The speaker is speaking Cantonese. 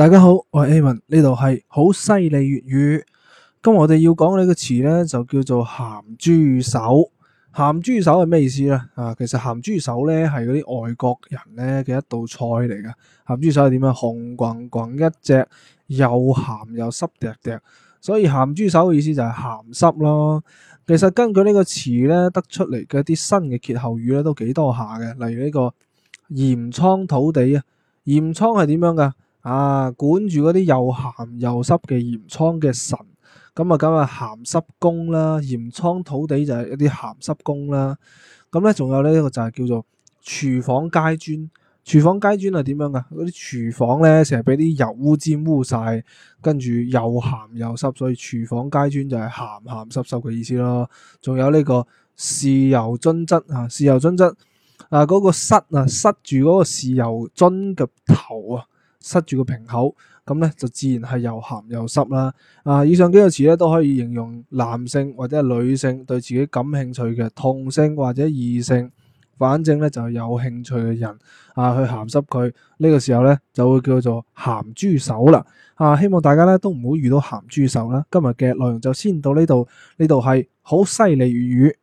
大家好，我係 Amin，呢度係好犀利粵語。今日我哋要講呢個詞呢，就叫做鹹豬手。鹹豬手係咩意思呢？啊，其實鹹豬手呢，係嗰啲外國人呢嘅一道菜嚟㗎。鹹豬手係點啊？紅滾滾一隻，又咸又濕滴滴。所以鹹豬手嘅意思就係鹹濕咯。其實根據呢個詞呢，得出嚟嘅一啲新嘅歇後語呢，都幾多下嘅，例如呢個鹽倉土地啊，鹽倉係點樣噶？啊，管住嗰啲又鹹又濕嘅鹽倉嘅神，咁啊，咁啊鹹濕公啦，鹽倉土地就係一啲鹹濕公啦。咁咧，仲有呢個就係叫做廚房階磚。廚房階磚係點樣噶？嗰啲廚房咧成日俾啲油污沾污晒，跟住又鹹又濕，所以廚房階磚就係鹹鹹濕濕嘅意思咯。仲有呢個豉油樽質啊，豉油樽質啊，嗰個塞啊，塞住嗰個豉油樽嘅頭啊。塞住個瓶口，咁咧就自然係又咸又濕啦。啊，以上幾個詞咧都可以形容男性或者女性對自己感興趣嘅同性或者異性，反正咧就係有興趣嘅人啊去咸濕佢。呢個時候咧就會叫做咸豬手啦。啊，希望大家咧都唔好遇到咸豬手啦。今日嘅內容就先到呢度，呢度係猴塞雷粵語。